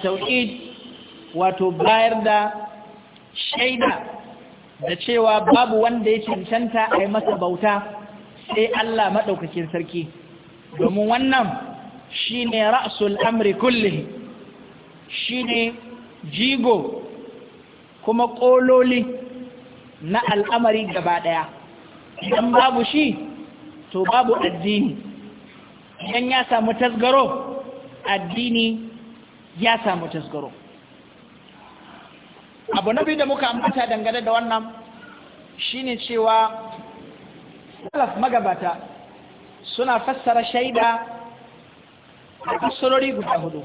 Speaker 1: tauhid wato bayar da shaida da cewa babu wanda ya cancanta a yi masa bauta sai Allah maɗaukakin sarki domin wannan Shi ne ra'asul amri shi ne jigo kuma ƙololi na al'amari gaba ɗaya. idan babu shi to babu addini idan ya samu tasgaro addini ya samu tasgaro abu na biyu da muka ambata dangane da wannan shi ne cewa salaf magabata suna fassara shaida a fassarori guda hudu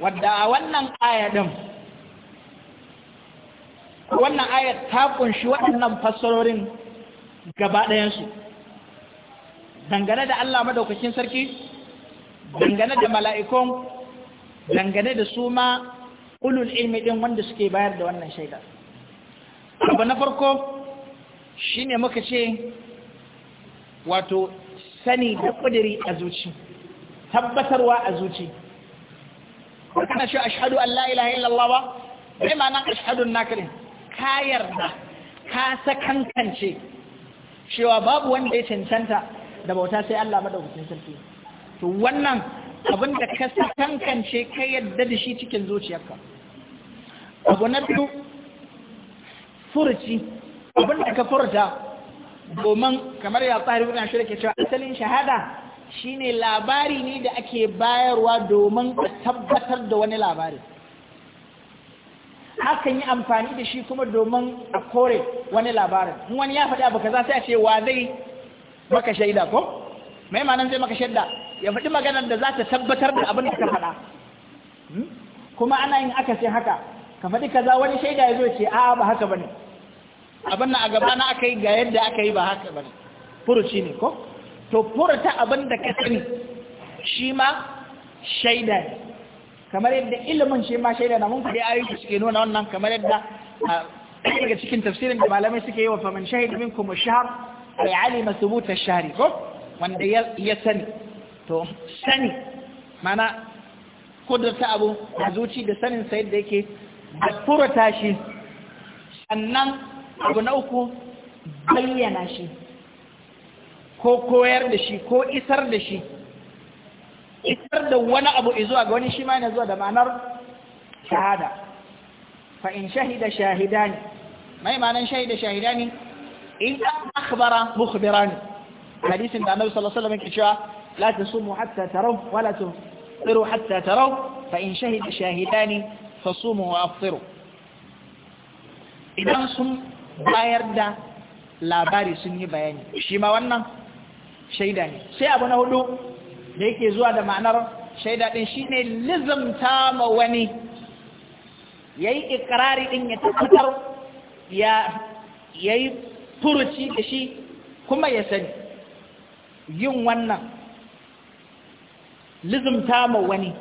Speaker 1: wadda a wannan ayadin wannan ayat ta kunshi waɗannan fassarorin gaba ɗayansu dangane da Allah madaukakin sarki dangane da mala'ikon dangane da su ma ulul ilmi ɗin wanda suke bayar da wannan shaida. abu na farko shine muka ce wato sani da ƙudiri a zuci tabbatarwa a zuci kana shi ashhadu an la ilaha illallah ba bai ma nan ashhadun naka ne ka yarda ka sakankance cewa babu wanda ya cancanta da bauta sai Allah madaukakin sarki to wannan abin da ka sakankance ka yarda da shi cikin zuciyarka abu na biyu furuci abin da ka furta domin kamar ya tsari wurin ke cewa asalin shahada shine labari ne da ake bayarwa domin tabbatar da wani labari hakan yi amfani da shi kuma domin a kore wani labarin in wani ya faɗi abu kaza sai a ce wa zai maka shaida ko mai manan zai maka shaida ya faɗi maganar da za ta tabbatar da abin da ka faɗa hmm? kuma ana yin akasin haka ka faɗi kaza wani shaida ya zo ce a ba haka bane abin na a gaba na aka yi ga yadda aka yi ba haka bane furuci ne ko to furta abin da ka sani shi ma shaida ne kamar yadda ilimin shi ma shaida na mun faɗi ayyuka suke nuna wannan kamar yadda daga cikin tafsirin da malamai suke yi wa faman min kuma shahar a yi alima thubut ash shari ko wanda ya sani to sani mana kudurta abu a zuci da sanin sa yadda yake da furta shi sannan abu na uku bayyana shi ko koyar da shi ko isar da shi isar da wani abu izuwa ga wani shi ma yana zuwa da ma'anar shahada fa in shahida shahidani mai ma'anar shahida shahidani in akhbara mukhbirani hadisin da annabi sallallahu alaihi wasallam yake cewa la tasumu hatta taraw wa la تفطروا حتى تروا فإن شهد شاهدان فصوموا وأفطروا idan sun bayar da labari sun yi bayani shi ma wannan shaida ne sai abu na hudu da yake zuwa da ma'anar shaida din shine lizimta ma wani yi ikrari din ya tabbatar ya yayi furuci da shi kuma ya sani yin wannan lizimta ma wani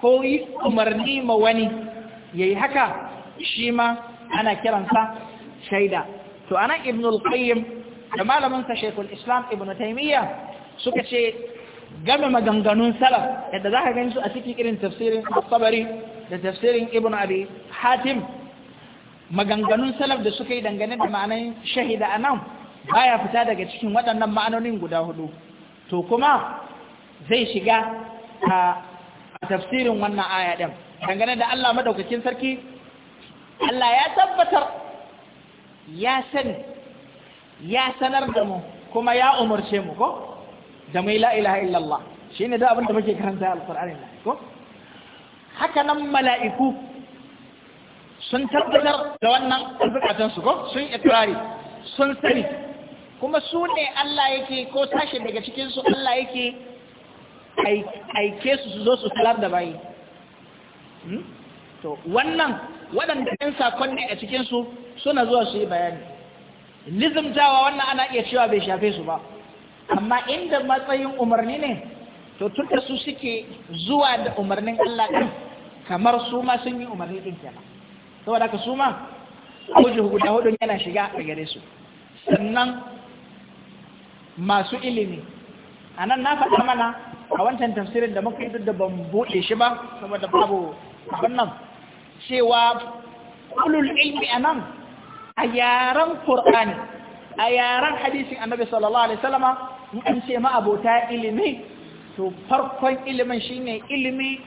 Speaker 1: ko yi umarni ma wani yayi haka shi ma ana kiransa shaida to anan ibnul qayyim da malaminsa shekul islam ibn taimiyya suka ce game maganganun salaf yadda za ka gani su a cikin irin tafsirin sabari da tafsirin ibn abi hatim maganganun salaf da suka yi dangane da ma'anar shahida a nan baya fita daga cikin waɗannan ma'anonin guda hudu to kuma zai shiga a tafsirin wannan aya dangane da Allah maɗaukacin sarki Allah ya tabbatar ya sani ya sanar da mu kuma ya umarce mu ko da mai la ilaha illallah ne da abin da muke karanta alqur'ani ko haka nan mala'iku sun tabbatar da wannan zukatan su ko sun ikrari sun sani kuma su ne Allah yake ko sashi daga cikin su Allah yake aike su su zo su salar da bayi hmm? to wannan waɗanda ɗan sakon ne a cikin su suna zuwa su yi bayani lizimtawa wannan ana iya cewa bai shafe su ba amma inda matsayin umarni ne to tun da su suke zuwa da umarnin Allah ɗin kamar su ma sun yi umarni ɗin kenan saboda ka su ma auji guda hudu yana shiga a gare su sannan masu ilimi a nan na faɗa mana a wancan tafsirin da muka yi duk da ban buɗe shi ba saboda babu wannan wannan cewa ulul ilmi a nan a yaren ƙur'ani a yaren hadisin Annabi sallallahu alaihi salama in ce ma abota ilimi to farkon ilimin shine ilimi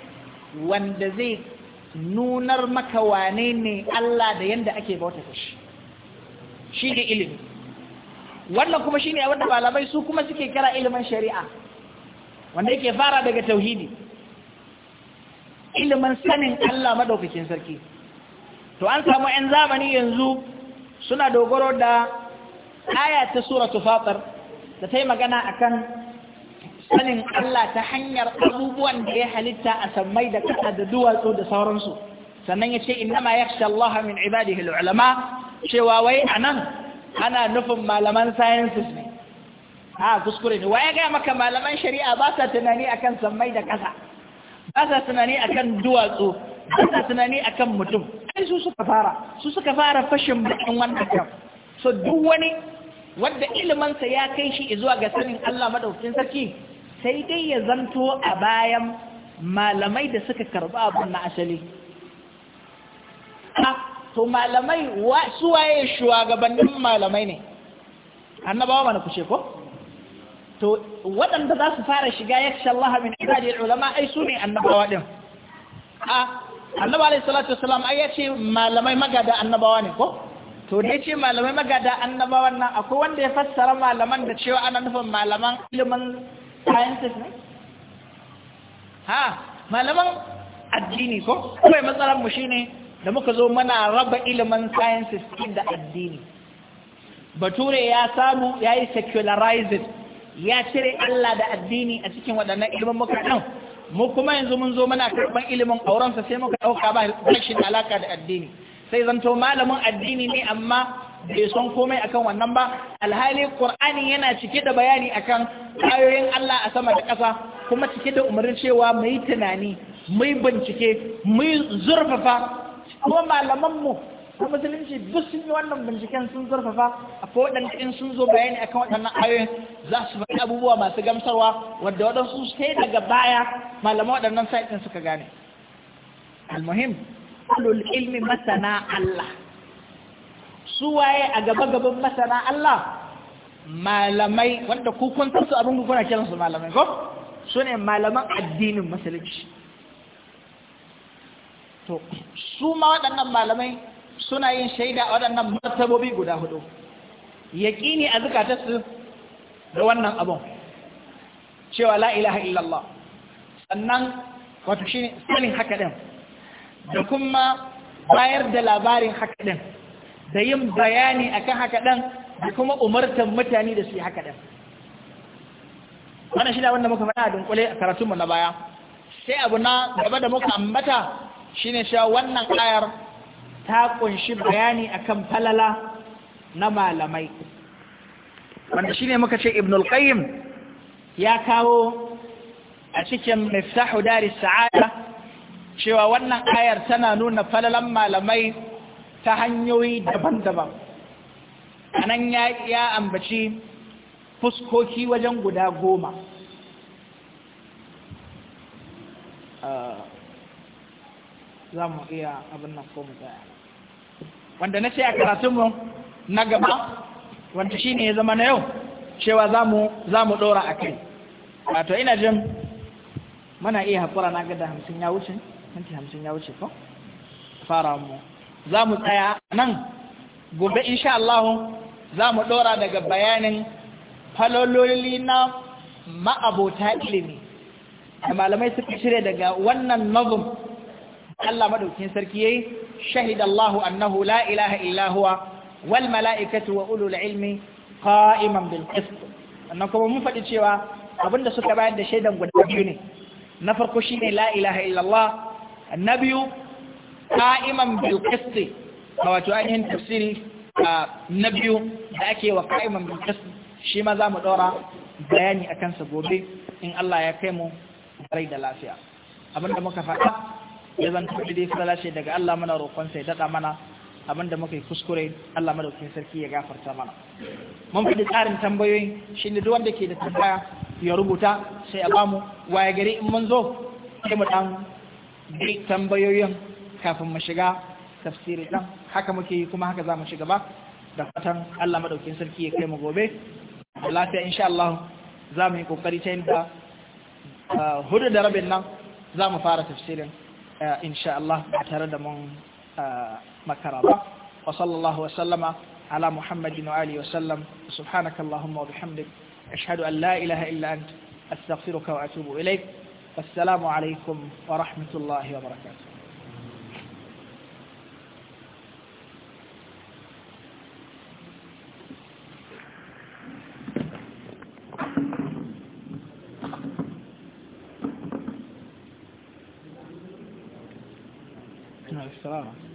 Speaker 1: wanda zai nunar maka wane ne Allah da yanda ake bauta shi shine ilimi wannan kuma shine wanda malamai su kuma suke kira ilimin shari'a wanda yake fara daga tauhidi ilimin sanin Allah madaukakin sarki to an samu 'yan zamani yanzu suna dogaro da aya ta suratu fatar da ta yi magana akan sanin Allah ta hanyar abubuwan da ya halitta a sammai da kasa da duwatsu da sauransu sannan ya ce innama ya shi Allah min ibadihi ulama cewa wai a nan ana nufin malaman sayansis ne a kuskure ne waye ga maka malaman shari'a ba sa tunani akan sammai da kasa ba sa tunani akan duwatsu ba sa tunani akan mutum ai su suka fara su suka fara fashin bakin wannan kyau so duk wani wadda ilimansa ya kai shi zuwa ga sanin Allah madaukin sarki sai dai ya zanto a bayan malamai da suka karba abun na asali ah, to malamai su waye shugabannin malamai ne annabawa mana kushe ko to waɗanda za su fara shiga yaksha Allah min ibadil ulama ai su ne annabawa din a ah, annaba alaihi salatu wasalam ai ce malamai magada annabawa ne ko to dai ce malamai magada annabawan nan akwai wanda ya fassara malaman da cewa ana nufin malaman ilimin sciences ne ha malaman addini ko kuma matsalar mu shine da muka zo mana raba ilimin sciences din da addini bature ya samu yayi secularized ya cire Allah da addini a cikin waɗannan ilimin muka ɗan mu kuma yanzu mun zo muna karɓar ilimin aurensa sai muka ɗauka ba rashin alaka da addini sai zanto malamin addini ne amma bai son komai akan wannan ba alhali ƙur'ani yana cike da bayani akan ayoyin Allah a sama da ƙasa kuma cike da umarnin cewa mu yi tunani mu yi bincike mu yi zurfafa kuma malaman mu na musulunci duk sun yi wannan binciken sun a ko waɗanda in sun zo bayani akan waɗannan ayoyin za su faɗi abubuwa masu gamsarwa wadda waɗansu sai daga baya malaman waɗannan sa'itin suka gane almuhim ulul ilmi masana Allah su waye a gaba gaban masana Allah malamai wanda ku kun san su abin ku kuna kiransu malamai ko su ne malaman addinin musulunci to su ma waɗannan malamai suna yin shaida a waɗannan martabobi guda hudu ƙini a zukatarsu da wannan abun cewa la ilaha illallah sannan wato shi sanin haka ɗin da kuma bayar da labarin haka ɗin da yin bayani akan haka ɗin da kuma umartan mutane da su yi haka ɗin wannan shi da wanda muka faɗa a dunkule a karatunmu na baya sai abu na gaba da muka ambata shine shi wannan ƙayar ta kunshi bayani akan falala na malamai wanda shine muka ce ibn al-qayyim ya kawo a cikin miftahu daris sa'ada cewa wannan ayar tana nuna falalan malamai ta hanyoyi daban-daban anan ya ya ambaci fuskoki wajen guda goma ah, za mu iya abin na ko mu wanda na ce a karatunmu na gaba wanda shi ne ya zama na yau cewa za mu ɗora a kai wato ina jin mana iya haƙura na gada hamsin ya wuce minti hamsin ya wuce ko fara mu za mu tsaya nan gobe insha Allah za mu ɗora daga bayanin falololi na ma'abota ilimi da malamai suka shirya daga wannan nazum Allah madaukin sarki yayi shahida Allah annahu la ilaha illa huwa wal mala'ikatu wa ulul ilmi qa'iman bil qist annan kuma mun faɗi cewa abinda suka bayar da shaidan guda biyu ne na farko shine la ilaha illa Allah annabiyu qa'iman bil qist wato ainihin tafsiri na biyu da ake wa qa'iman bil qist shi ma zamu bayani akan sa gobe in Allah ya kai mu da lafiya abinda muka faɗa ya zan tafi dai fara ce daga Allah mana roƙon sai daɗa mana abinda muka yi kuskure Allah madaukakin sarki ya gafarta mana
Speaker 2: mun fi tsarin
Speaker 1: tambayoyi ne duk wanda ke da tambaya ya rubuta sai a bamu waye gari in mun zo sai mu dan bi tambayoyin kafin mu shiga tafsiri dan haka muke yi kuma haka za mu shiga ba da fatan Allah madaukakin sarki ya kai mu gobe lafiya insha Allah za mu yi kokari ta yadda ah, hudu da rabin nan za mu fara tafsirin insha Allah ba tare da mun makara ba wa sallallahu wa sallama ala muhammadin wa alihi wa sallam subhanaka allahumma wa bihamdik ashhadu an la ilaha illa ant astaghfiruka wa atubu ilaik assalamu alaikum wa rahmatullahi wa barakatuh
Speaker 2: Gracias.